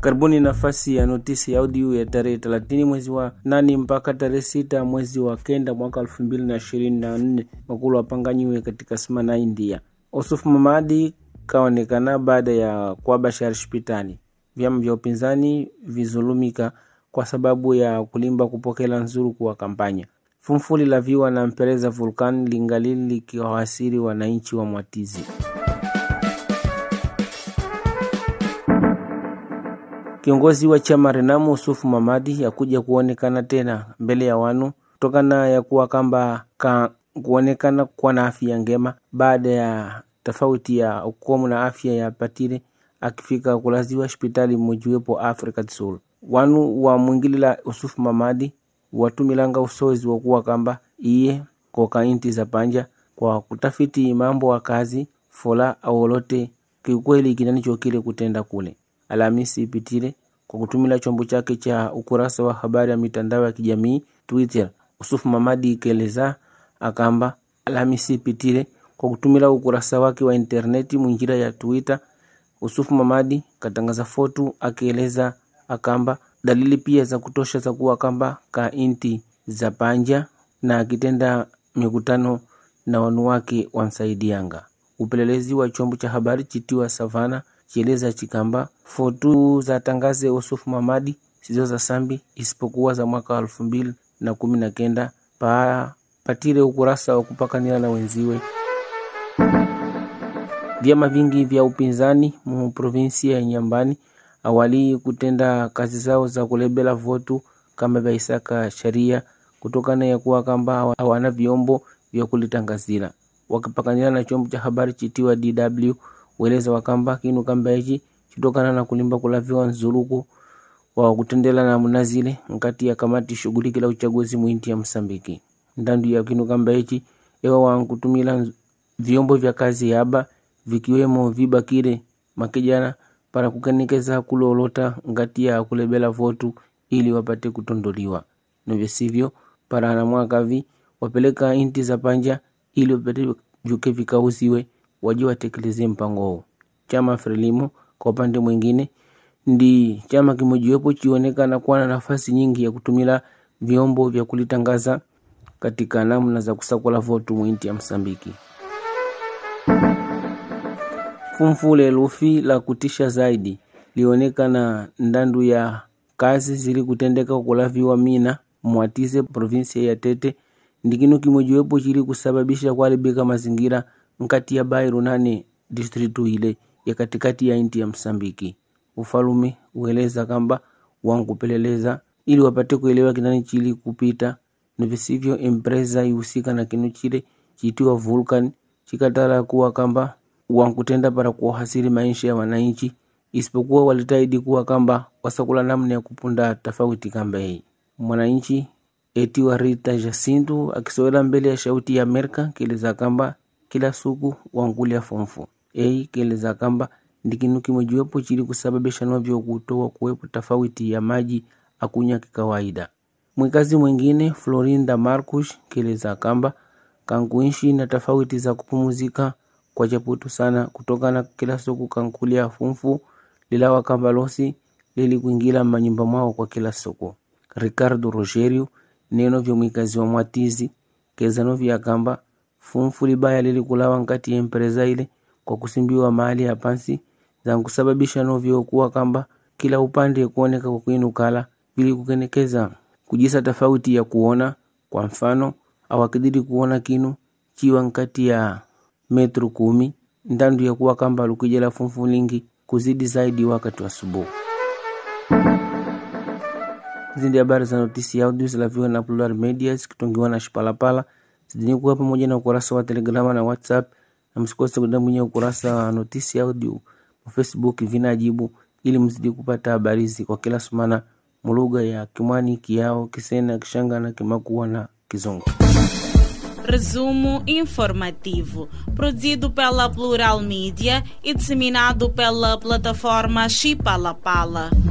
Karibuni nafasi ya notisi ya audio ya tarehe 30 mwezi wa 8 mpaka tarehe 6 mwezi wa kenda mwaka 2024, makulu apanganyiwe katika na India. Osuf Mamadi kaonekana baada ya kuwabashari hospitali. Vyama vya upinzani vizulumika kwa sababu ya kulimba kupokela nzuru kuwa kampanya. Fumfuli la viwa na mpereza vulkan lingalili likiwahasiri wananchi wa Mwatizi. Kiongozi wa chama Renamo Sufu Mamadi yakuja kuonekana tena mbele ya wanu kutokana ya kuwa kamba ka kuonekana kuwa na afya ngema baada ya tofauti ya ukomu na afya ya patire akifika kulaziwa hospitali mojiwepo Africa Sul. Wanu wa la Usufu Mamadi watumilanga usozi wa kuwa kamba iye kwa kainti za panja kwa kutafiti mambo wa kazi fola lote kiukweli kinanichokile kutenda kule Alhamisi ipitile kwa kutumia chombo chake cha ukurasa wa habari ya mitandao ya kijamii Twitter, Usufu Mamadi ikeleza akamba Alhamisi ipitile kwa kutumia ukurasa wake wa interneti mwinjira ya Twitter, Usufu Mamadi katangaza fotu akieleza akamba dalili pia za kutosha za kuwa kamba ka inti za panja na akitenda mikutano na wanu wake wamsaidianga. Upelelezi wa chombo cha habari chitiwa Savana Chieleza Chikamba Fotu za Tangaze Osufu Mamadi sizo za Sambi isipokuwa za mwaka elfu mbili na kumi na kenda patile ukurasa wa kupakanila na wenziwe. Vyama vingi vya upinzani mu provinsi ya Nyambani awali kutenda kazi zao za kulebela votu kama vya Isaka Sharia kutokana ya kuwa kamba hawana vyombo vya kulitangazila, wakipakanila na chombo cha habari chitiwa DW kueleza wakamba kinu kamba ichi chitokana na kulimba kulaviwa nzuluku wa kutendela na zile mkati ya kamati shughulikila uchaguzi muinti ya Msambiki ndandu ya kinu kamba ichi ewa wankutumila vyombo vya kazi yaba vikiwemo vibakire makijana para kukenikeza kulolota ngati ya kulebela votu ili wapate kutondoliwa sivyo para na mwaka vi wapeleka inti za panja ili wapate vyuke vikauziwe waje watekelezie mpango huu. Chama Frelimo kwa upande mwingine ndi chama kimojawapo chionekana kuwa na nafasi nyingi ya kutumila vyombo vya kulitangaza katika namna za kusakula votu mwinti ya Msambiki. Fumfule lufi la kutisha zaidi lionekana ndandu ya kazi zili kutendeka kulaviwa Mina Mwatize provinsia ya Tete ndikinu kimojiwepo chili kusababisha kuharibika mazingira Nkati ya bairu nane distritu ile ya katikati ya inti ya Msambiki ufalume ueleza kamba wankupeleleza ili wapate kuelewa kinani chili kupita ni visivyo empresa ihusika na kinu chile chiitiwa vulkan chikatala kuwa kamba wankutenda para kuwahasiri maisha ya wananchi isipokuwa walitaidi kuwa kamba wasakula namna ya kupunda tofauti kamba hii. Mwananchi etiwa Rita Jacinto akisowela mbele ya shauti ya Amerika keleza kamba kila suku wankulya fonfo, keleza kamba ndi kinu kimojiwepo chili novyo vyokutowa kuwepo tofauti ya maji akunya kikawaida. Mwikazi mwingine Florinda Marcus keleza kamba kankuishi na tofauti za kupumuzika kwa chaputu sana kutokana kila suku kankulia funfu lilawa kamba losi lili kuingila manyumba mwao kwa kila suku. Ricardo Rogerio neno vyo mwikazi wa Mwatizi kezano vya kamba fumfu libaya lilikulawa nkati ya mpereza ile kwa kusimbiwa mahali hapansi zankusababisha novyokuwa kamba kila upande kuoneka kwa kuinukala ili kukenekeza kujisa tofauti ya kuona kwa mfano awakidiri kuona kinu chiwa nkati ya metru kumi ndandu ya kuwa kamba lukijela fumfu lingi kuzidi zaidi wakati wa subuhi zindi habari za notisi ya audio zilaviwa na Plural Media zikitongiwa na Shipalapala Zidini kuwa pamoja na ukurasa wa Telegram na WhatsApp na msikose kwenda ukurasa wa notisi audio wa Facebook vinajibu ili mzidi kupata habari kwa kila sumana mulugha ya Kimwani, Kiao, Kisena, Kishanga na Kimakua na Kizungu. Resumo informativo, produzido pela Plural Media e disseminado pela plataforma Pala.